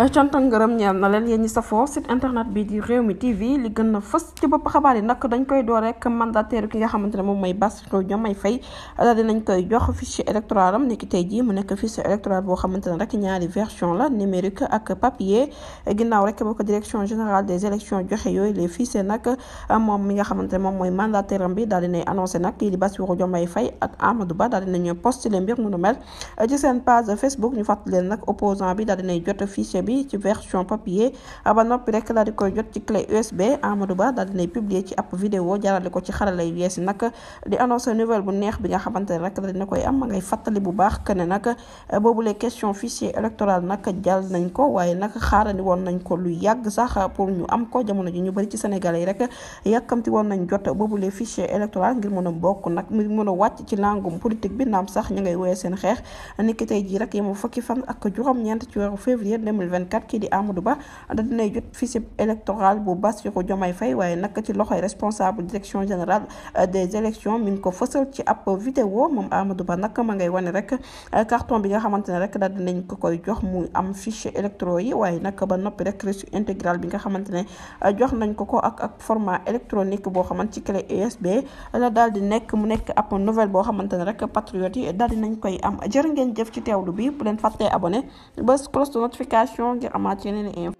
Eh, cantan ngërëm ñeel na leen yéen ñi safoo site internet bi dañ koy door rek mandataire ki nga xamante ne moom mooy Bassirou Diomaye Faye jox fichier électoral am niki jii mu nekk fichier boo xamante ne rek ñaari version la numérique ak papier ginnaaw rek boo ko direction générale des élections joxe yooyu les fichiers nag moom mi nga xamante moom mooy mandataire am bi daal dinay annoncé nag kii di Bassirou Diomaye Faye ak Amadou Ba daal dinañu postuler mbir mu nu mel ci seen page Facebook ñu jot fichier bi ci version papier ba noppi rek daal di koy jot ci clé USB Amadou Ba daal dinay publier ci ab vidéo jaarale ko ci xarala yu yees di annoncer nouvelle bu neex bi nga xamante ne rek daal dina bu baax que ne nag boobule question fichier électoral nag jàll nañ ko waaye nag xaarandi woon nañ ko lu yàgg sax pour ñu am ko jamono ji ñu bëri ci Sénégalais yi rek yàkkamti woon nañ jot boobule fichier électoral ngir mën a bokk nag ngir mën a wàcc ci langum politique bi naam sax ñu ngay woowee seen xeex niki tey jii rek yema 2024 kii di Amadou Ba da dinay jot fichier électoral bu Bassirou Diomaye Faye waaye nag ci loxoy responsable direction générale euh, des élections mi ngi ko fësal ci ab vidéo moom Amadou Ba nag ma ngay wane rek euh, carton bi nga xamante ne rek daal dinañ ko koy jox mu am fichier électro yi waaye nag ba noppi rek reçu intégral bi nga xamante ne euh, jox nañ ko ko ak ak format électronique boo xamante ci clé USB la daal di nekk mu nekk ab nouvelle boo xamante ne rek patriote yi daal di nañ koy am jërë ngeen jëf ci teewlu bi bu leen fàttee abonné bés cloche de notification don't get on my channel and